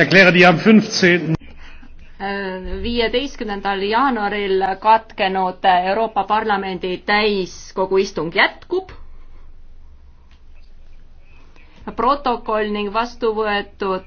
Äh, viieteistkümnendal jaanuaril katkenud Euroopa Parlamendi täiskogu istung jätkub. protokoll ning vastu võetud